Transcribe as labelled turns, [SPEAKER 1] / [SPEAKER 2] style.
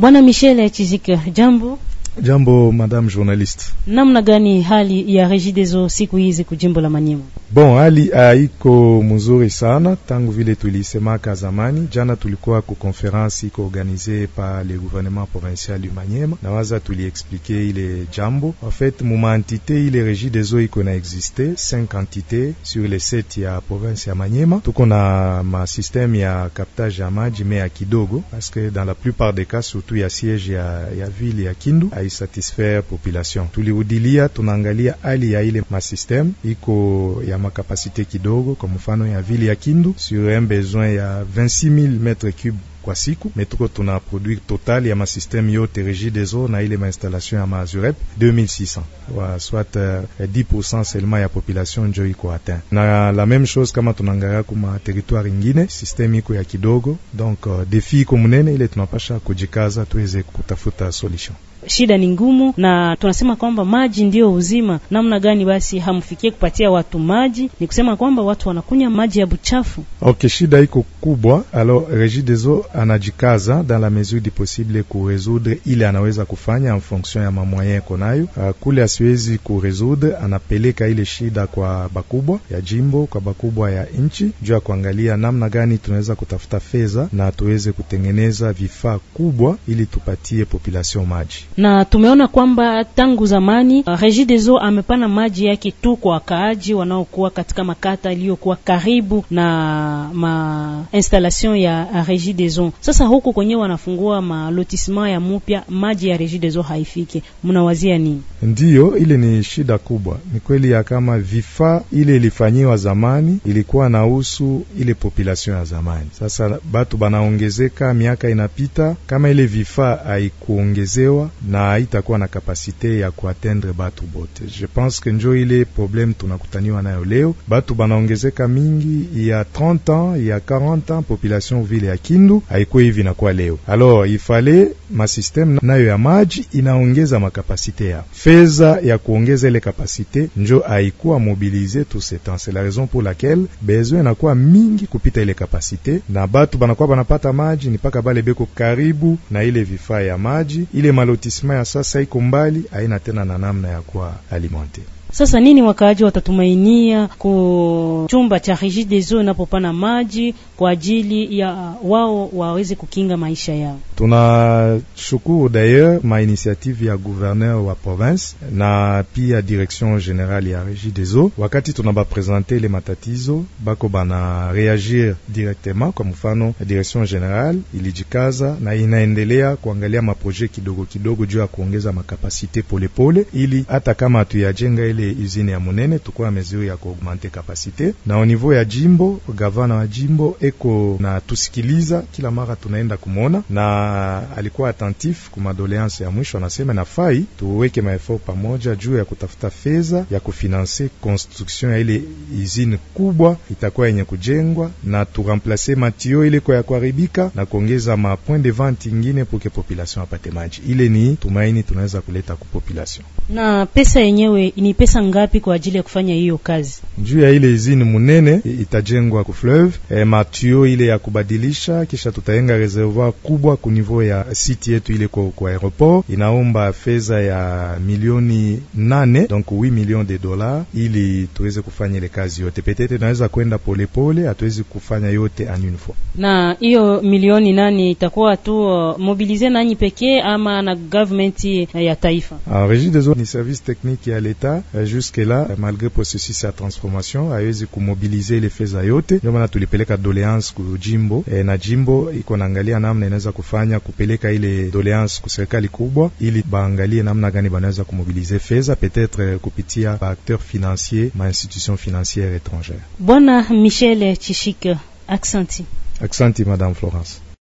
[SPEAKER 1] Bwana michel Chizike, jambo.
[SPEAKER 2] Jambo madame journaliste.
[SPEAKER 1] Namna gani hali ya Regideso siku hizi kujimbo la Manyema.
[SPEAKER 2] Bon, Ali haiko ah, mzuri sana tangu vile tulisemaka zamani. Jana tulikuwa ku conference iko organize par le gouvernement provincial du Maniema, na waza il ile jambo. En fait, muma entité ile eaux iko na existe cinq entités sur les 7 ya province ya Maniema. Tuko na ma système ya captage ya maji mais ya kidogo parce que dans la plupart des cas surtout ya siège ya, ya ville ya Kindu haisatisfaire population. Tuliudilia tunaangalia hali ya ile masysteme iko ya makapasite kidogo, kwa mfano ya vile ya Kindu sur un besoin ya 26000 m3 kwa siku metuko tuna produit total ya masysteme yote des eaux na ile mainstallation ya maazurep 2600 soit 10% euh, seulement ya population njo iko atteint, na la même chose kama tunangalia kuma territoire ingine system iko ya kidogo, donc euh, défi uh, defi iko munene, ile tunapasha kujikaza tuweze kutafuta solution.
[SPEAKER 1] shida ni ngumu, na tunasema kwamba maji ndiyo uzima. Namna gani basi hamfikie kupatia watu maji? Ni kusema kwamba watu wanakunywa maji ya buchafu.
[SPEAKER 2] Okay, shida iko kubwa. Alors Regideso anajikaza dans la mesure du possible kuresoudre ile anaweza kufanya en fonction ya mamoyen yako nayo. Uh, kule asiwezi kuresoudre, anapeleka ile shida kwa bakubwa ya jimbo, kwa bakubwa ya nchi, juu ya kuangalia namna gani tunaweza kutafuta fedha na tuweze kutengeneza vifaa kubwa ili tupatie population maji
[SPEAKER 1] na tumeona kwamba tangu zamani uh, Regideso amepana maji yake tu kwa wakaaji wanaokuwa katika makata iliyokuwa karibu na ma installation ya Regie des Eaux. Sasa huko kwenye wanafungua malotisma ya mupya, maji ya Regie des Eaux haifiki, mnawazia nini?
[SPEAKER 2] Ndiyo, ile ni shida kubwa. Ni kweli ya kama vifaa ile ilifanyiwa zamani ilikuwa usu ile population ya zamani. Sasa batu banaongezeka, miaka inapita, kama ile vifaa haikuongezewa na haitakuwa na kapasite ya kuatendre batu bote. Je pense que njo ile probleme tunakutaniwa nayo leo, batu banaongezeka mingi ya 30 ans ya 40 40 population ville ya Kindu haikuwa hivi na kwa leo. Alors ifale masysteme nayo ya maji inaongeza makapasite ya feza ya kuongeza ile kapasite njo haikuwa mobilize tout ce temps. C'est la raison pour laquelle besoin inakuwa mingi kupita ile kapasite, na batu banakuwa banapata maji ni paka bale beko karibu na ile vifaa ya maji. Ile malotisema ya sasa iko mbali, haina tena na namna ya kuwa alimenter
[SPEAKER 1] sasa nini wakaaji watatumainia ku chumba cha Regideso napopana maji kwa ajili ya uh, wao waweze kukinga maisha yao?
[SPEAKER 2] Tunashukuru d'ailleurs ma initiative ya gouverneur wa province na pia direction generale ya Regideso, wakati bapresente le matatizo bako bana reagir directement. Kwa mfano direction generale ilijikaza na inaendelea kuangalia maproje kidogo kidogo juu ya kuongeza makapasite polepole, ili hata kama hatuyajenga ile ile usine ya munene tukuwa amezuia ya kuaugmente kapasite na au niveau ya jimbo, gavana wa jimbo eko na tusikiliza kila mara tunaenda kumona, na alikuwa attentif ku madoleance ya mwisho. Anasema nafai tuweke maefort pamoja juu ya kutafuta fedha ya kufinanse construction ya ile usine kubwa itakuwa yenye kujengwa, na turamplace matio ile kwa ya kuharibika na kuongeza ma point de vente ingine pour que population apate maji. Ile ni tumaini tunaweza kuleta ku population
[SPEAKER 1] na pesa yenyewe ni pesa pesa ngapi kwa ajili ya kufanya hiyo kazi?
[SPEAKER 2] Juu ya ile izini munene itajengwa ku fleuve e, matio ile ya kubadilisha, kisha tutaenga reservoir kubwa ku niveau ya site yetu ile kwa, kwa aeroport inaomba fedha ya milioni nane donc 8 millions de dollars ili tuweze kufanya ile kazi yote. Petete tunaweza kwenda polepole, hatuwezi kufanya yote en une fois.
[SPEAKER 1] Na hiyo milioni nane itakuwa tu uh, mobilize nani pekee ama na government ya taifa?
[SPEAKER 2] Ah, Regie des eaux ni service technique ya l'etat Bah, jusque-là, malgré processus ya transformation, haiwezi kumobilize ile fedha yote, ndio maana tulipeleka doleance ku jimbo e, na jimbo iko naangalia namna inaweza kufanya kupeleka ile doleance ku serikali kubwa, ili baangalie namna gani banaweza kumobilize feza peut-être euh, kupitia ba acteur financier ma institution financière étrangère.
[SPEAKER 1] Bwana euh, Michel Tchichik. aksanti.
[SPEAKER 2] Aksanti Madame Florence.